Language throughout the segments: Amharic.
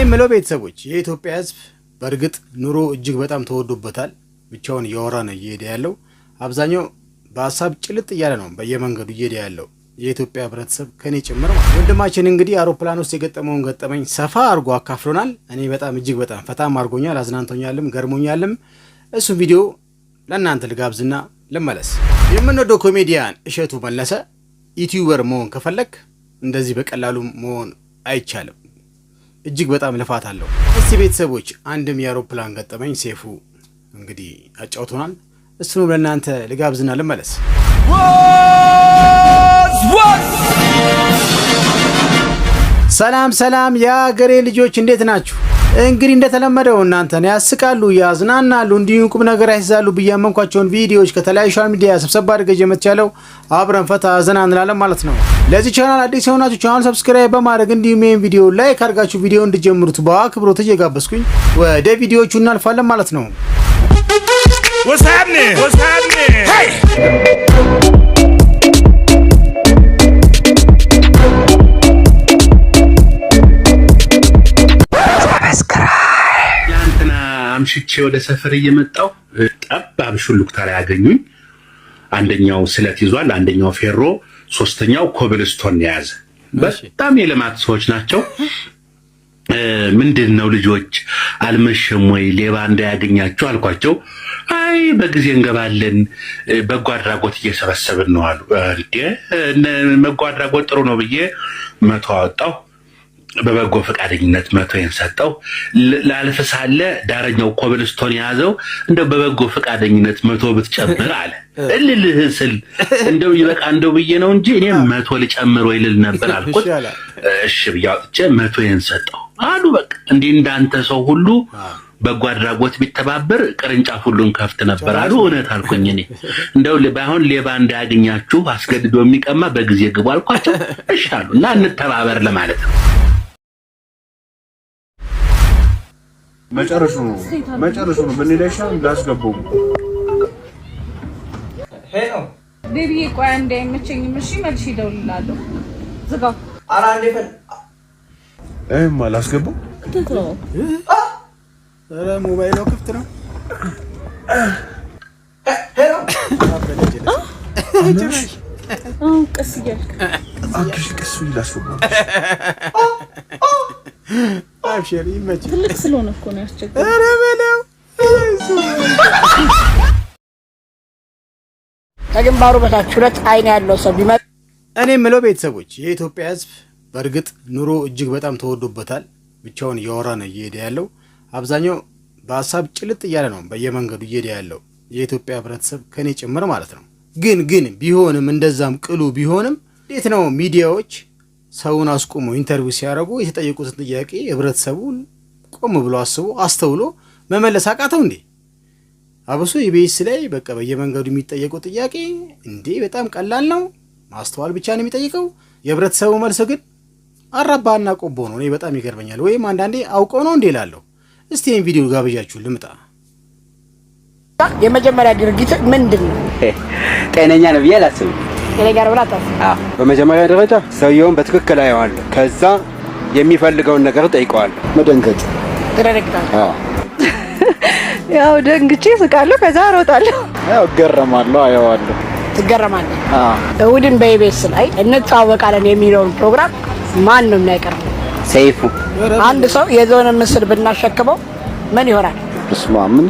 የምለው ቤተሰቦች የኢትዮጵያ ሕዝብ በእርግጥ ኑሮ እጅግ በጣም ተወዶበታል። ብቻውን እያወራ ነው እየሄደ ያለው። አብዛኛው በሀሳብ ጭልጥ እያለ ነው በየመንገዱ እየሄደ ያለው የኢትዮጵያ ህብረተሰብ ከኔ ጭምር ወንድማችን እንግዲህ አውሮፕላን ውስጥ የገጠመውን ገጠመኝ ሰፋ አድርጎ አካፍሎናል። እኔ በጣም እጅግ በጣም ፈታም አድርጎኛል፣ አዝናንቶኛልም፣ ገርሞኛልም። እሱ ቪዲዮ ለእናንተ ልጋብዝና ልመለስ። የምንወደው ኮሜዲያን እሸቱ መለሰ ዩቲዩበር መሆን ከፈለግ እንደዚህ በቀላሉ መሆን አይቻልም። እጅግ በጣም ልፋት አለው። እስቲ ቤተሰቦች አንድም የአውሮፕላን ገጠመኝ ሴፉ እንግዲህ አጫውቶናል። እሱንም ለእናንተ ልጋብዝና ልመለስ። ሰላም ሰላም የአገሬ ልጆች እንዴት ናችሁ? እንግዲህ እንደተለመደው እናንተን ያስቃሉ፣ ያዝናናሉ፣ እንዲሁም ቁም ነገር ያስይዛሉ ብዬ ቪዲዮዎች ከተለያዩ ሶሻል ሚዲያ ስብሰባ አድርገ የመትቻለው አብረን ፈታ ዘና እንላለን ማለት ነው። ለዚህ ቻናል አዲስ የሆናችሁ ቻናል ሰብስክራይብ በማድረግ እንዲሁም ይህን ቪዲዮ ላይክ አድርጋችሁ ቪዲዮ እንድጀምሩት በአክብሮት እየጋበዝኩኝ ወደ ቪዲዮቹ እናልፋለን ማለት ነው። What's What's happening? happening? Hey! አምሽቼ ወደ ሰፈር እየመጣው ጠባብ ሹሉክታ ላይ ያገኙኝ። አንደኛው ስለት ይዟል፣ አንደኛው ፌሮ፣ ሶስተኛው ኮብልስቶን የያዘ በጣም የልማት ሰዎች ናቸው። ምንድን ነው ልጆች አልመሸም ወይ ሌባ እንዳያገኛቸው አልኳቸው። አይ በጊዜ እንገባለን፣ በጎ አድራጎት እየሰበሰብን ነው አሉ። መጎ አድራጎት ጥሩ ነው ብዬ መቶ አወጣሁ። በበጎ ፈቃደኝነት መቶ የንሰጠው ላልፍ ሳለ ዳረኛው ኮብልስቶን የያዘው እንደው በበጎ ፈቃደኝነት መቶ ብትጨምር አለ። እልልህ ስል እንደው ይበቃ እንደው ብዬ ነው እንጂ እኔ መቶ ልጨምር ወይ ልል ነበር አልኩት። እሺ ብዬ አውጥቼ መቶዬን ሰጠው አሉ። በቃ እንዲህ እንዳንተ ሰው ሁሉ በጎ አድራጎት ቢተባበር ቅርንጫፍ ሁሉን ከፍት ነበር አሉ። እውነት አልኩኝ። እኔ እንደው ባይሆን ሌባ እንዳያገኛችሁ አስገድዶ የሚቀማ በጊዜ ግቡ አልኳቸው። እሺ አሉ እና እንተባበር ለማለት ነው። መጨረሹ ነው መጨረሹ ነው። በኔ እንዳስገባው ሄሎ ቤቢ፣ ቆይ አንዴ አይመቸኝም። እሺ መልሼ እደውልልሃለሁ። ዝጋው። ኧረ አንዴ ፈል እማ ላስገባው። ኧረ ሞባይሉ ክፍት ነው። ቀስ እያልክ ቀስ ብዬ ላስገባው አብሽር ይመችል። ትልቅ ስለሆነ እኮ ነው ያስቸግረው። ኧረ በለው ከግንባሩ በታች ሁለት አይን ያለው ሰው ቢመጣ እኔ የምለው ቤተሰቦች፣ የኢትዮጵያ ሕዝብ በእርግጥ ኑሮ እጅግ በጣም ተወዶበታል። ብቻውን እያወራ ነው እየሄደ ያለው። አብዛኛው በሀሳብ ጭልጥ እያለ ነው በየመንገዱ እየሄደ ያለው የኢትዮጵያ ህብረተሰብ ከእኔ ጭምር ማለት ነው። ግን ግን ቢሆንም እንደዛም ቅሉ ቢሆንም እንዴት ነው ሚዲያዎች ሰውን አስቆሞ ኢንተርቪው ሲያደርጉ የተጠየቁትን ጥያቄ ህብረተሰቡን ቆም ብሎ አስቦ አስተውሎ መመለስ አቃተው እንዴ? አብሶ ኢቢኤስ ላይ በቃ በየመንገዱ የሚጠየቁ ጥያቄ እንዴ በጣም ቀላል ነው፣ ማስተዋል ብቻ ነው የሚጠይቀው። የህብረተሰቡ መልስ ግን አራባና ቆቦ ነው። እኔ በጣም ይገርመኛል። ወይም አንዳንዴ አውቀው ነው እንዴ ላለሁ። እስቲ ይህን ቪዲዮ ጋብዣችሁ ልምጣ። የመጀመሪያ ድርጊት ምንድን ነው? ጤነኛ ነው ብዬ አላስብም ከኔ ጋር ብላ ታስ በመጀመሪያ ደረጃ ሰውየውን በትክክል አየዋለሁ። ከዛ የሚፈልገውን ነገር ጠይቀዋለሁ። መደንገጥ ትደነግጣለህ? አዎ ያው ደንግጬ ስቃለሁ። ከዛ እሮጣለሁ። ያው እገረማለሁ፣ አየዋለሁ። ትገረማለህ? አዎ። እሑድን በኢቢኤስ ላይ እንተዋወቃለን የሚለውን ፕሮግራም ማን ነው የሚያቀርበው? ሰይፉ። አንድ ሰው የዞን ምስል ብናሸክመው ምን ይሆናል? ስማ ምን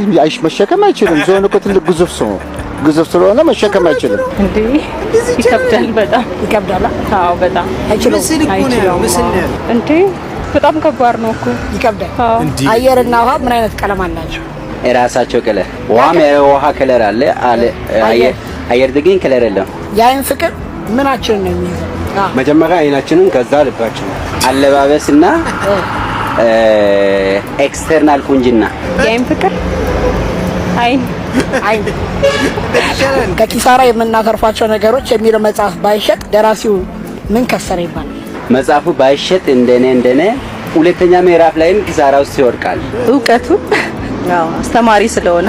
መሸከም አይችልም። ዞን እኮ ትልቅ ግዙፍ ሰው ግዙፍ ስለሆነ መሸከም አይችልም። ይከብዳል፣ በጣም ይከብዳል። አዎ በጣም እንዴ በጣም ከባድ ነው እኮ ይከብዳል። አየርና ውሃ ምን አይነት ቀለም አላቸው? የራሳቸው ከለር ውሃም የውሃ ከለር አለ፣ አየር ግን ከለር የለም። የአይን ፍቅር ምናችንን ነው የሚይዘው? መጀመሪያ አይናችንን፣ ከዛ ልባችንን፣ አለባበስና ኤክስተርናል ቁንጅና። የአይን ፍቅር አይን ከኪሳራ የምናተርፋቸው ነገሮች የሚለው መጽሐፍ ባይሸጥ ደራሲው ምን ከሰረ ይባላል? መጽሐፉ ባይሸጥ እንደኔ እንደኔ ሁለተኛ ምዕራፍ ላይም ኪሳራ ውስጥ ይወድቃል። እውቀቱ አስተማሪ ስለሆነ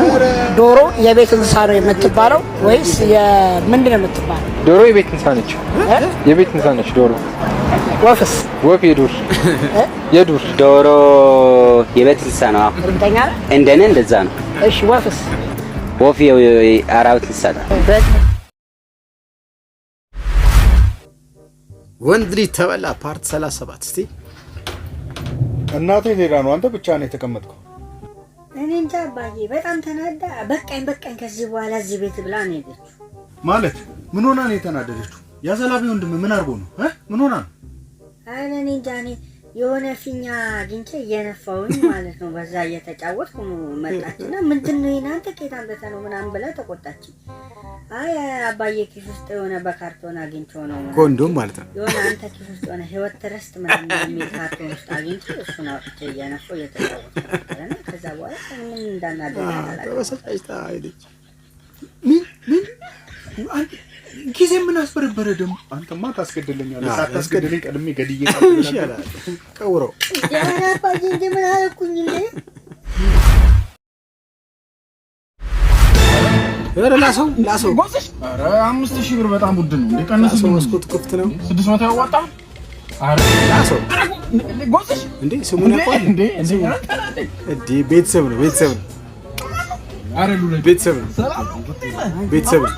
ዶሮ የቤት እንስሳ ነው የምትባለው ወይስ የምንድን ነው የምትባለው? ዶሮ የቤት እንስሳ ነች። የቤት እንስሳ ነች ዶሮ። ወፍስ? ወፍ የዱር የዱር ዶሮ የቤት እንስሳ ነው። እንደኔ እንደዛ ነው። እሺ ወፍስ? ወፍ አራዊት ይሳላል። ወንድ ልጅ ተበላ ፓርት 37 እስቲ እናቴ ሌላ ነው። አንተ ብቻ ነው የተቀመጥከው። እኔ እንጃ አባዬ በጣም ተናዳ በቃኝ በቃኝ ከዚህ በኋላ እዚህ ቤት ብላ ነው የሄደችው። ማለት ምን ሆና ነው የተናደደችው? ያዘላቢ ወንድም ምን አድርጎ ነው ምን ሆና ነው? አረ እኔ እንጃ እኔ የሆነ ፊኛ አግኝቼ እየነፋውኝ ማለት ነው። በዛ እየተጫወትኩ መጣችና ምንድን ነው ይናንተ ቄት አንበተ ነው ምናምን ብላ ተቆጣችኝ። አይ አባዬ ኪስ ውስጥ የሆነ በካርቶን አግኝቼው ነው ኮንዶም ማለት ነው። የሆነ አንተ ኪስ ውስጥ የሆነ ህይወት ትረስት ምናምን የሚል ካርቶን ውስጥ አግኝቼ እሱን አውጥቼ እየነፋው እየተጫወትኩ ነበረና ከዛ በኋላ ምን እንዳናደርግ ተበሳጫጭታ አይደች ምን ምን ጊዜ ምን አስበረበረ ደግሞ አንተማ ታስገድለኛለህ። ሳታስገድለኝ ቀድሜ ገድዬ ቀውረው ምን ኧረ ላሰው ላሰው ኧረ አምስት ሺህ ብር በጣም ውድ ነው። እንደቀነሰው መስኮት ክፍት ነው። ስድስት መቶ ያዋጣ ላሰው እንዴ ስሙን እንዴ? ቤተሰብ ነው ቤተሰብ ነው ቤተሰብ ነው ቤተሰብ ነው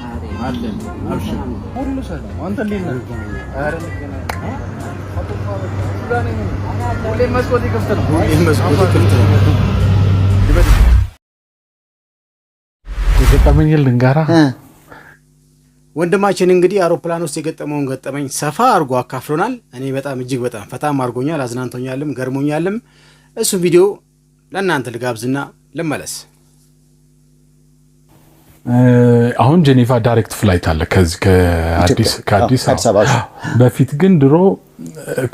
አለን። ሁሉ ሰላም። አንተ እንዴት ነህ? ኧረ የገጠመኝን ልንገራ ወንድማችን እንግዲህ አውሮፕላን ውስጥ የገጠመውን ገጠመኝ ሰፋ አድርጎ አካፍሎናል። እኔ በጣም እጅግ በጣም ፈታም አድርጎኛል፣ አዝናንቶኛልም፣ ገርሞኛልም። እሱ ቪዲዮ ለእናንተ ልጋብዝና ልመለስ። አሁን ጄኔቫ ዳይሬክት ፍላይት አለ ከአዲስ አበባ። በፊት ግን ድሮ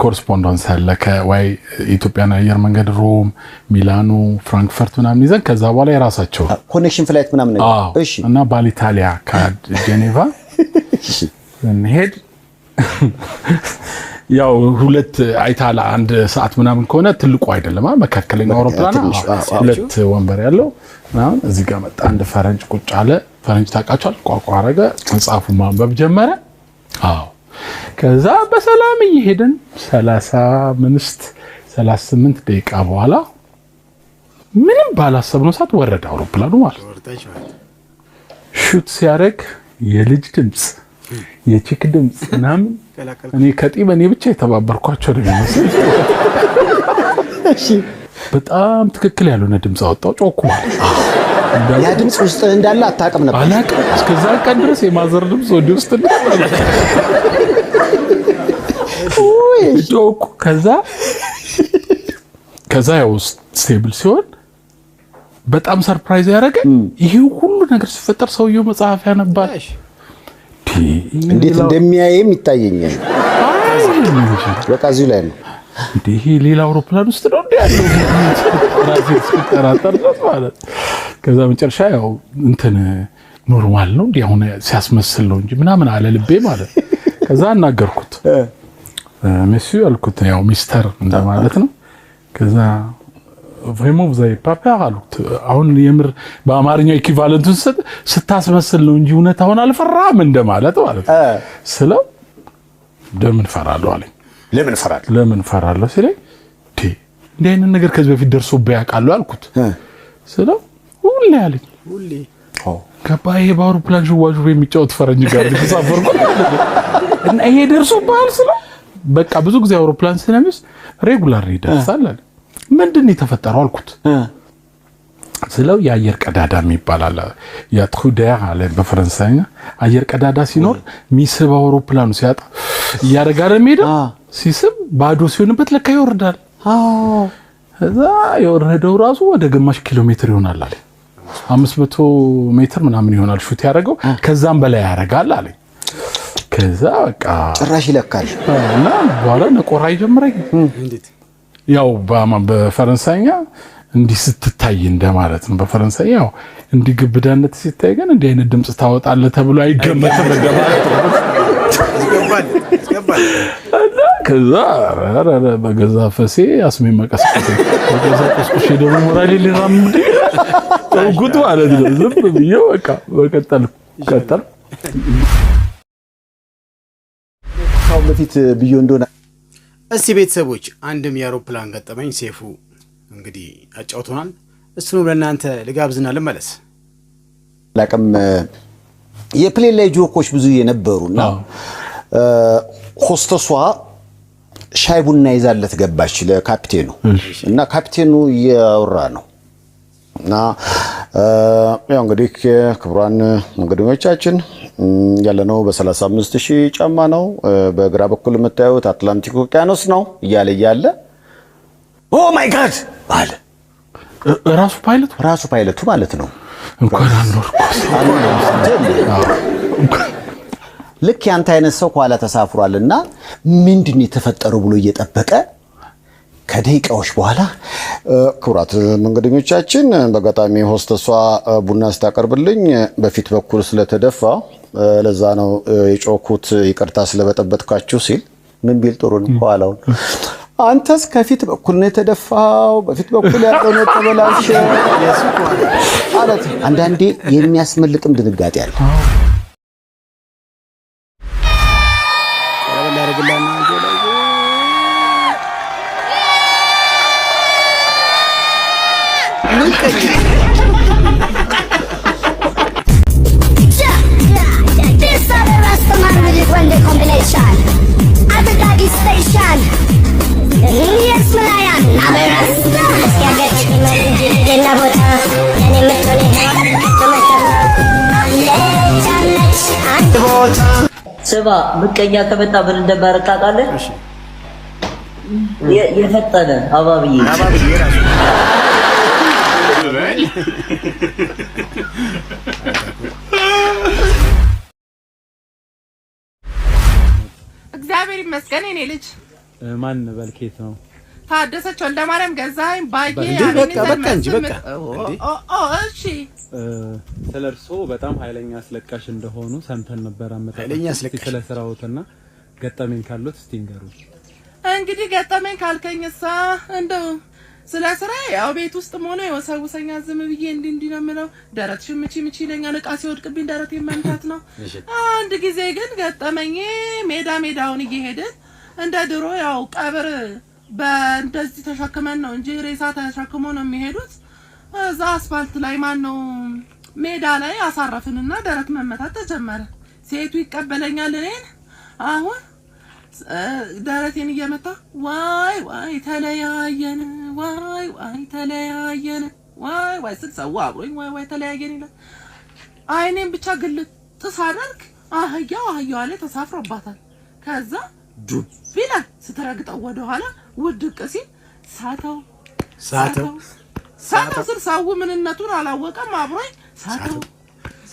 ኮረስፖንደንስ አለ ከዋይ ኢትዮጵያን አየር መንገድ ሮም፣ ሚላኖ፣ ፍራንክፈርት ምናምን ይዘን ከዛ በኋላ የራሳቸው ኮኔክሽን ፍላይት ምናምን እና ባሊታሊያ ከጄኔቫ እንሄድ ያው ሁለት አይታላ አንድ ሰዓት ምናምን ከሆነ ትልቁ አይደለም መካከለኛ አውሮፕላን ሁለት ወንበር ያለው ምናምን እዚህ ጋር መጣ። አንድ ፈረንጅ ቁጭ አለ። ፈረንጅ ታውቃቸዋል። ቋቋ አረገ። መጽሐፉን ማንበብ ጀመረ። አዎ ከዛ በሰላም እየሄድን ሰላሳ አምስት ሰላሳ ደቂቃ በኋላ ምንም ባላሰብነው ሰዓት ወረደ አውሮፕላኑ ማለት ሹት ሲያደርግ የልጅ ድምፅ የቺክ ድምፅ ምናምን እኔ ከጢበ እኔ ብቻ የተባበርኳቸው ነው የሚመስል በጣም ትክክል ያልሆነ ድምፅ አወጣው። ጮኩ። ያ ድምፅ ውስጥ እንዳለ አታውቅም ነበር። አላውቅም። እስከዛ ቀን ድረስ የማዘር ድምፅ ወዲህ ውስጥ እንዳለ ጮኩ። ከዛ ከዛ ያው ስቴብል ሲሆን በጣም ሰርፕራይዝ ያደረገ ይሄ ሁሉ ነገር ሲፈጠር ሰውየው መጽሐፍ ያነባል። እንዴት እንደሚያየም ይታየኛል። በቃ እዚሁ ላይ ነው እንዲህ ሌላ አውሮፕላን ውስጥ ነው እንደ ያለው ራሴ ስጠራጠር ድረስ ማለት ከዛ መጨረሻ ያው እንትን ኖርማል ነው እንዲህ አሁን ሲያስመስል ነው እንጂ ምናምን አለ ልቤ ማለት ከዛ አናገርኩት ሜሲ አልኩት ያው ሚስተር እንደማለት ነው ከዛ ቬሞቭ ዛይ ፓፓ አሉት አሁን የምር በአማርኛው ኢኪቫለንቱን ስታስመስል ነው እንጂ እውነት አሁን አልፈራም እንደማለት ማለት ስለው ደምን ፈራለሁ አለኝ ለምን እፈራለሁ ለምን እፈራለሁ ሲለኝ እንዲህ አይነት ነገር ከዚህ በፊት ደርሶብህ ያውቃል አልኩት ስለው ሁሌ አለኝ ሁሌ ገባ ይሄ በአውሮፕላን ዥዋዥዌ የሚጫወት ፈረንጅ ጋር ተሳፈርኩ እና ይሄ ደርሶብሃል ስለው በቃ ብዙ ጊዜ አውሮፕላን ስለሚስ ሬጉላር ይደርሳል አለ ምንድን ነው የተፈጠረው አልኩት ስለው የአየር ቀዳዳ ይባላል የትሩዲያ አለ በፈረንሳይኛ አየር ቀዳዳ ሲኖር ሚስብ አውሮፕላኑ ሲያጣ እያደረጋ ነው ሲስም ባዶ ሲሆንበት ለካ ይወርዳል። እዛ የወረደው ራሱ ወደ ግማሽ ኪሎ ሜትር ይሆናል አለ። አምስት መቶ ሜትር ምናምን ይሆናል ሹት ያደረገው ከዛም በላይ ያደርጋል አለ። ከዛ በቃ ጭራሽ ይለካል እና በኋላ ነቆራ ይጀምረኝ። ያው በፈረንሳይኛ እንዲህ ስትታይ እንደማለት ነው። በፈረንሳይ ያው እንዲህ ግብዳነት ሲታይ ግን እንዲህ አይነት ድምፅ ታወጣለህ ተብሎ አይገመትም እንደማለት ነው። ከዛ በገዛ ፈሴ አስሜ መቀስቀስ በገዛ ቁስቁሽ ደግሞ ሞራሌ ሊራምድ ተውኩት ማለት ነው። ዝም ብዬ በቃ በቀጠል ቀጠል ካሁን በፊት ብዬ እንደሆነ እስቲ ቤተሰቦች አንድም የአውሮፕላን ገጠመኝ ሴፉ እንግዲህ አጫውቶናል። እሱንም ለእናንተ ልጋብዝና ልመለስ ላቅም የፕሌን ላይ ጆኮች ብዙ የነበሩ እና ሆስተሷ ሻይ ቡና ይዛለት ገባች ለካፕቴኑ እና ካፕቴኑ እያወራ ነው እና ያው እንግዲህ ክቡራን መንገደኞቻችን ያለነው በ35 ሺህ ጫማ ነው። በግራ በኩል የምታዩት አትላንቲክ ውቅያኖስ ነው እያለ እያለ ኦ ማይ ጋድ አለ። ራሱ ፓይለቱ ራሱ ፓይለቱ ማለት ነው እንኳን ልክ ያንተ አይነት ሰው ከኋላ ተሳፍሯል እና ምንድን የተፈጠረው ብሎ እየጠበቀ ከደቂቃዎች በኋላ ክቡራት መንገደኞቻችን በአጋጣሚ ሆስተሷ ቡና ስታቀርብልኝ በፊት በኩል ስለተደፋ ለዛ ነው የጮኩት፣ ይቅርታ ስለበጠበጥካችሁ ሲል ምን ቢል ጥሩ ነው አንተስ ከፊት በኩል ነው የተደፋው፣ በፊት በኩል ያለው ነው የተበላሸ ማለት አንዳንዴ የሚያስመልጥም ድንጋጤ አለ። ስማ ምቀኛ ከመጣ ምን እንደማደርግ ታውቃለህ? የፈጠነ አባብዬ tudo bem? እግዚአብሔር ይመስገን የኔ ልጅ ማን ነው ታደሰች ወልደ ማርያም ገዛኸኝ ባዬ በቃ በቃ እንጂ በቃ እሺ ስለ እርሶ በጣም ኃይለኛ አስለቃሽ እንደሆኑ ሰምተን ነበር አመጣ ኃይለኛ አስለቃሽ ስለ ስራዎትና ገጠመኝ ካሉት እስቲ ንገሩ እንግዲህ ገጠመኝ እንደው ስለ ስራ ያው ቤት ውስጥ ሆነ የወሳውሰኛ ዝም ብዬ እንዲህ እንዲህ ነው የምለው። ምቺ ምቺ ይለኛል። ዕቃ ሲወድቅብኝ ደረት የመምታት ነው። አንድ ጊዜ ግን ገጠመኝ። ሜዳ ሜዳውን እየሄድን እንደ ድሮ ያው ቀብር በእንደዚህ ተሸክመን ነው እንጂ ሬሳ ተሸክሞ ነው የሚሄዱት። እዛ አስፋልት ላይ ማን ነው ሜዳ ላይ አሳረፍንና ደረት መመታት ተጀመረ። ሴቱ ይቀበለኛል እኔን አሁን ደረቴን እያመታ ዋይ ዋይ ተለያየን፣ ዋይ ዋይ ተለያየን፣ ዋይ ዋይ ስል ሰው አብሮኝ ዋይ ዋይ ተለያየን ይላል። አይኔን ብቻ ግልጥ ሳደርግ አህያው አህያዋ ላይ ተሳፍሮባታል። ከዛ ዱብ ይላል ስትረግጠው ወደኋላ ውድቅ ሲል ሳተው ሳተው ሳተው ስል ሰው ምንነቱን አላወቀም። አብሮኝ ሳተው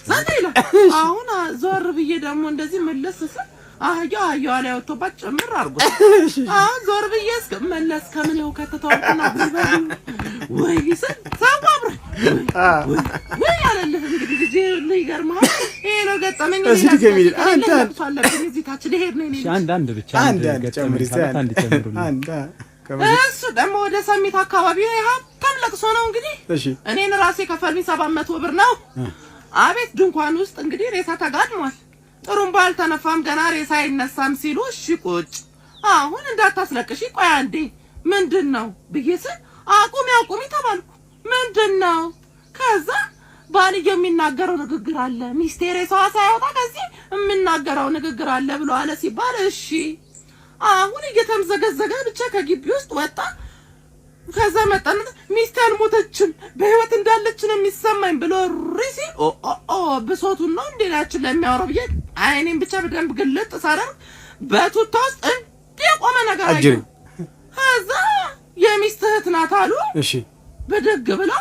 ሳተው ይላል። አሁን ዞር ብዬ ደግሞ እንደዚህ ምልስ ስል አህያ አህያዋ ላይ ወጥቶባት ጭምር አድርጎ አሁን ዞር ብዬ እስክመለስ ከምን ይኸው ከተተዋልኩና ወይ ይሰጥ ሳቋብረ ወይ አለልህ እንግዲህ ጊዜ ይገርምሃል። ይሄ ነው ገጠመኝ። እዚህ ከሚል አንድ አንድ እዚህ ታች ልሄድ ነው። አንድ አንድ ብቻ አንድ አንድ ጨምሪ አንድ ጨምሩ አንድ እሱ ደግሞ ወደ ሰሚት አካባቢ ሀብታም ለቅሶ ነው እንግዲህ። እኔን ራሴ ከፈርሚ ሰባት መቶ ብር ነው አቤት ድንኳን ውስጥ እንግዲህ ሬሳ ተጋድሟል። ጥሩምባ አልተነፋም ገና ሬሳ አይነሳም ሲሉ እሺ ቁጭ አሁን እንዳታስለቅሽ ቆይ አንዴ ምንድን ነው ብዬ ስል አቁሚ አቁሚ ተባልኩ ምንድን ነው ከዛ ባል የሚናገረው ንግግር አለ ሚስቴ ሬሳዋ ሳይወጣ ከዚህ የሚናገረው ንግግር አለ ብሎ አለ ሲባል እሺ አሁን እየተምዘገዘገ ብቻ ከግቢ ውስጥ ወጣ ከዛ መጣ ሚስቴ አልሞተችም በህይወት እንዳለችን የሚሰማኝ ብሎ ሪሲ ኦ ኦ ብሶቱን ነው እንዴ ላችን ለሚያወራው ብዬ አይኔም ብቻ በደንብ ግልጥ ሳረም በቱታ ውስጥ እንዲህ የቆመ ነገር አየሁ። ከዛ የሚስትህ እህት ናት አሉ። እሺ በደግ ብለው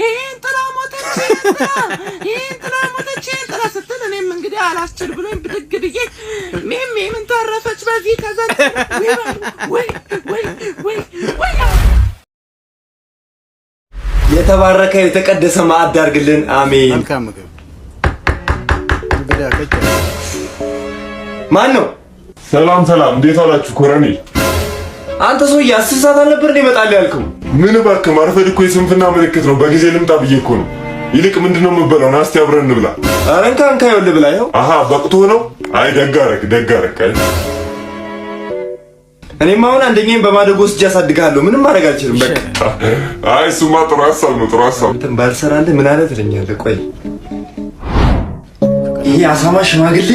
ይህን ጥላ ሞተች፣ ይህን ጥላ ሞተች፣ ይህን ጥላ ስትል እኔም እንግዲህ አላስችል ብሎኝ ብድግ ብዬ ሚሚ ምን ተረፈች በዚህ ከዛ ወይ ወይ ወይ ወይ የተባረከ የተቀደሰ ማዕድ አድርግልን። አሜን። መልካም ምግብ ማን ነው? ሰላም ሰላም፣ እንዴት አላችሁ? ኮረኔል አንተ ሰውዬ አስር ሰዓት አልነበር እንደ ይመጣል ያልከው? ምን እባክህ ማርፈድ እኮ የስንፍና ምልክት ነው። በጊዜ ልምጣ ብዬ እኮ ነው። ይልቅ ምንድነው የምበላው? ና እስቲ አብረን እንብላ። ኧረ እንካ እንካ፣ ይኸውልህ ብላ። ይኸው አሃ፣ በቅቶ ነው። አይ ደግ አደረግ፣ ደግ አደረግ። አሁን አንደኛዬን በማደጎ ስጃ አሳድጋለሁ። ምንም ማድረግ አልችልም። በቃ አይ፣ እሱማ ጥሩ ሀሳብ ነው፣ ጥሩ ሀሳብ። እንትን ባልሰራልህ ምን አለ ትለኛለህ? ቆይ ይሄ አሳማ ሽማግሌ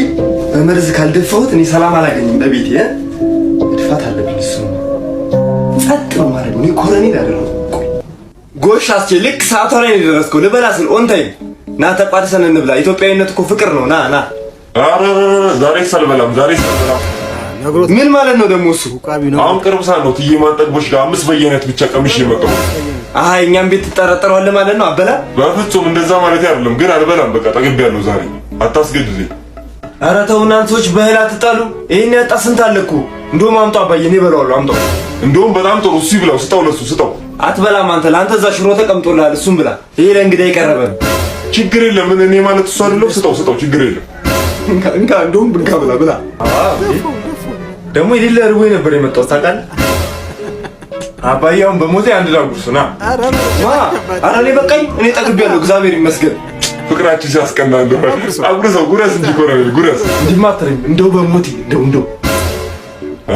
በመርዝ ካልደፋሁት እኔ ሰላም አላገኝም። በቤቴ እድፋት አለብኝ። እሱ ጸጥ ነው ማለት ነው። ኮረኔ ያደረው ጎሽ አስቼ ልክ ሰዓቷ ላይ ነው የደረስከው። ልበላ ስል ኦን ና ተቋድሰን እንብላ። ኢትዮጵያዊነት እኮ ፍቅር ነው። ና ና። ኧረ ዛሬ ሳልበላም ዛሬ ሳልበላም ምን ማለት ነው ደግሞ እሱ? አሁን ቅርብ ሰዓት ነው ትዬ ማጠግቦች ጋር አምስት በየአይነት ብቻ ቀምሽ መቀሙ። አሃ እኛም ቤት ትጠረጠረዋለህ ማለት ነው። አበላ በፍጹም እንደዛ ማለት አይደለም ግን አልበላም። በቃ ጠግቤያለሁ ዛሬ አታስገድዱኝ። ኧረ ተው በህላ ሰዎች በእህል አትጣሉ። ይሄን ያጣ ስንት አለ እኮ። እንደውም አምጣ አባዬ፣ እኔ እበላዋለሁ። አምጣው። እንደውም በጣም ጥሩ። እሱ ይብላው። ስጠው፣ ለሱ ስጠው። አትበላም አንተ። ለአንተ እዛ ሽሮ ተቀምጦልሃል፣ እሱም ብላ። ይሄ ለእንግዳ የቀረበ ችግር የለም። ምን እኔ ማለት እሱ አይደለሁ። ስጠው፣ ስጠው። ችግር የለም። እንካ እንካ፣ እንደውም ብንካ፣ ብላ ብላ። ደግሞ የሌለ ርቦኝ ነበር የመጣው ታውቃለህ። አባዬ አሁን በሞቴ አንድ ዳጉርስ ና። ኧረ እኔ በቃኝ፣ እኔ ጠግቤያለሁ። እግዚአብሔር ይመስገን። ፍቅራችሁ ሲያስቀና እንደሆነ አጉረሰው ጉረስ እንጂ ኮረኔል ጉረስ እንዲማትረኝ እንደው በሞቴ እንደው እንደው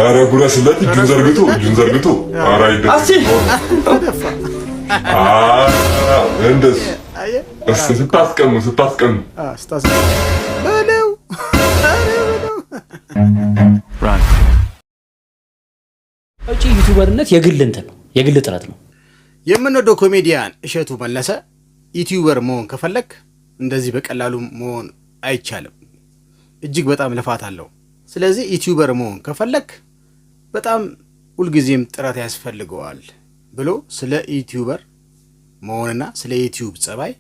ኧረ ጉረስለት። እጁን ዘርግቶ እጁን ዘርግቶ ኧረ አይደለም እንደሱ ስታስቀሙ ስታስቀሙ እጪ ዩቲዩበርነት የግል እንትን ነው፣ የግል ጥረት ነው። የምንወደው ኮሜዲያን እሸቱ መለሰ ዩቲዩበር መሆን ከፈለግ እንደዚህ በቀላሉ መሆን አይቻልም። እጅግ በጣም ልፋት አለው። ስለዚህ ዩቲዩበር መሆን ከፈለክ በጣም ሁልጊዜም ጥረት ያስፈልገዋል ብሎ ስለ ዩቲዩበር መሆንና ስለ ዩቲዩብ ጸባይ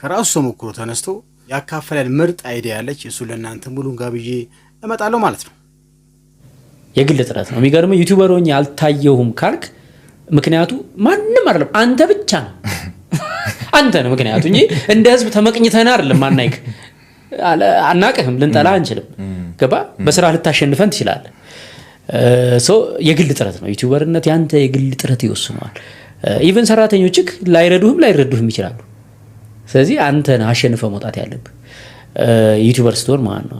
ከራሱ ተሞክሮ ተነስቶ ያካፈለን ምርጥ አይዲያ ያለች እሱ ለእናንተ ሙሉን ጋብዬ እመጣለሁ ማለት ነው። የግል ጥረት ነው። የሚገርም ዩቲዩበር ሆኜ አልታየሁም ካልክ ምክንያቱ ማንም አይደለም አንተ ብቻ ነው። አንተ ነው ምክንያቱ እ እንደ ህዝብ ተመቅኝተን አይደለም አናይክ አናቅህም፣ ልንጠላ አንችልም። ገባ በስራ ልታሸንፈን ትችላለ የግል ጥረት ነው ዩቲበርነት ያንተ የግል ጥረት ይወስነዋል። ኢቨን ሰራተኞችህ ላይረዱህም ላይረዱህም ይችላሉ። ስለዚህ አንተን አሸንፈ መውጣት ያለብ ዩቲበር ስትሆን ማለት ነው።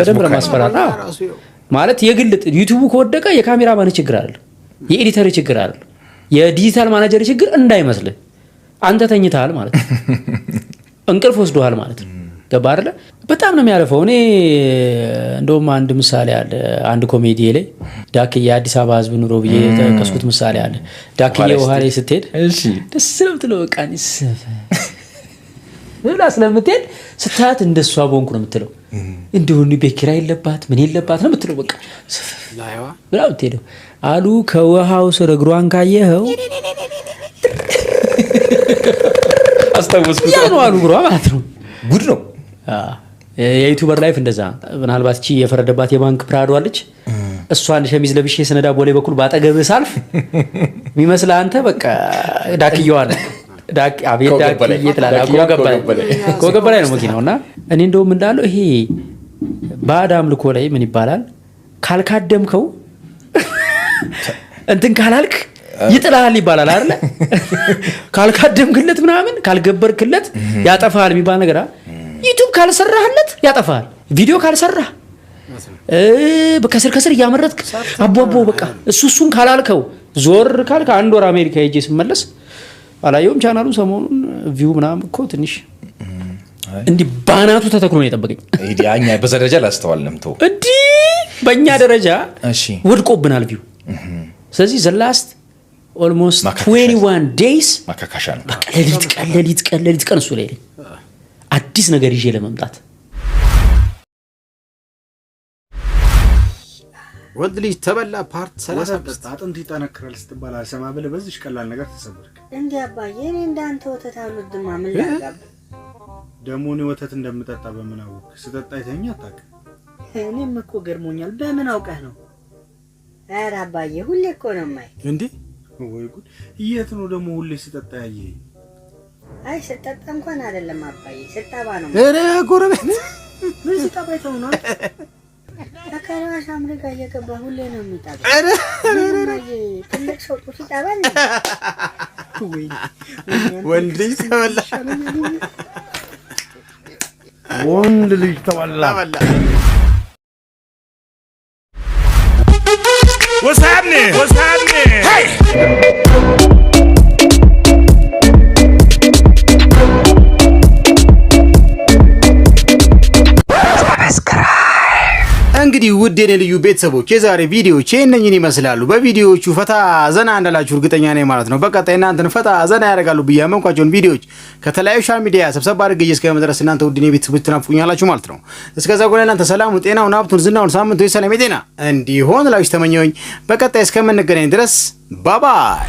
በደንብ ለማስፈራራ ማለት የግል ከወደቀ የካሜራማን ችግር አለ፣ የኤዲተር ችግር አለ የዲጂታል ማናጀር ችግር እንዳይመስልህ አንተ ተኝተሃል ማለት እንቅልፍ ወስዶሃል ማለት ነው። ገባህ በጣም ነው የሚያለፈው። እኔ እንደውም አንድ ምሳሌ አለ። አንድ ኮሜዲ ላይ ዳክዬ የአዲስ አበባ ህዝብ ኑሮ ብዬ የጠቀስኩት ምሳሌ አለ። ዳክዬ ውሃ ላይ ስትሄድ ደስ ነው የምትለው ስለምትሄድ ስታያት እንደ እሷ በሆንኩ ነው የምትለው። እንዲሁን ቤት ኪራይ የለባት ምን የለባት ነው የምትለው። በቃ ብላ አሉ ከውሃው ስር እግሯን ካየኸው አስታወስኩት ነው አሉ እግሯ ማለት ነው። ጉድ ነው የዩቱበር ላይፍ እንደዛ። ምናልባት ቺ የፈረደባት የባንክ ፕራዶ አለች። እሷን ሸሚዝ ለብሼ ስነዳ ቦሌ በኩል ባጠገብህ ሳልፍ የሚመስል አንተ በቃ ዳክየዋለህ አቤት ዳክዬ ትላለህ። በላይ ነው መኪናው። እና እኔ እንደውም እንዳለው ይሄ ባዕድ አምልኮ ላይ ምን ይባላል ካልካደምከው እንትን ካላልክ ይጥላል ይባላል አይደለ? ካልካደምክለት ምናምን ካልገበርክለት ያጠፋል የሚባል ነገር ዩቱብ ካልሰራህለት ያጠፋል። ቪዲዮ ካልሰራህ ከስር ከስር እያመረትክ አቦ አቦ በቃ እሱ እሱን ካላልከው ዞር ካልክ አንድ ወር አሜሪካ ሄጄ ስመለስ አላየውም። ቻናሉ ሰሞኑን ቪው ምናምን እኮ ትንሽ እንዲህ ባናቱ ተተክሎ ነው የጠበቀኝ። በዛ ደረጃ ላስተዋልንም ተው እንዲህ በእኛ ደረጃ ወድቆብናል ቪው። ስለዚህ ዘላስት ኦልሞስት ትዌንቲ ዋን ዴይስ ቀለሊት ቀለሊት ሌሊት ቀን እሱ ላይ አዲስ ነገር ይዤ ለመምጣት ወንድ ልጅ ተበላ ፓርት ሰላሳ አጥንት ይጠነክራል ስትባል አልሰማ ብለህ በዚሽ ቀላል ነገር ተሰበርክ። እንዴ አባዬ እኔ እንዳንተ ወተት አልወድማ። ምን ላጋብ ደግሞ እኔ ወተት እንደምጠጣ በምን አወቅህ? ስጠጣ የተኛ አታውቅም። እኔም እኮ ገርሞኛል። በምን አውቀህ ነው? ኧረ አባዬ ሁሌ እኮ ነው የማይ። እንዴ ወይ ጉድ! የት ነው ደግሞ ሁሌ ስጠጣ ያየህ? አይ ስጠጣ እንኳን አይደለም አባዬ፣ ስጠባ ነው። ኧረ ጎረቤት ምን ስጠባ ይተውናል ከራስ አምሪካ እየገባ ሁሌ ነው የሚጠባ። ትልቅ ሰው ጡት ይጠባል። ወንድ ልጅ ተበላ፣ ወንድ ልጅ ተበላ። What's happening? What's happening? Hey! ውድ የኔ ልዩ ቤተሰቦች የዛሬ ቪዲዮች እነኝን ይመስላሉ። በቪዲዮቹ ፈታ ዘና እንዳላችሁ እርግጠኛ ነኝ ማለት ነው። በቀጣይ እናንተን ፈታ ዘና ያደርጋሉ ብዬ ያመንኳቸውን ቪዲዮዎች ከተለያዩ ሶሻል ሚዲያ ሰብሰብ አድርጌ መድረስ እናንተ ውድ የኔ ቤተሰቦች ትናፍቁኛላችሁ ማለት ነው። እስከዛ ጎ እናንተ ሰላሙን፣ ጤናውን፣ ሀብቱን፣ ዝናውን ሳምንቱ የሰላም የጤና እንዲሆን ላችሁ ተመኘሁኝ። በቀጣይ እስከምንገናኝ ድረስ ባባይ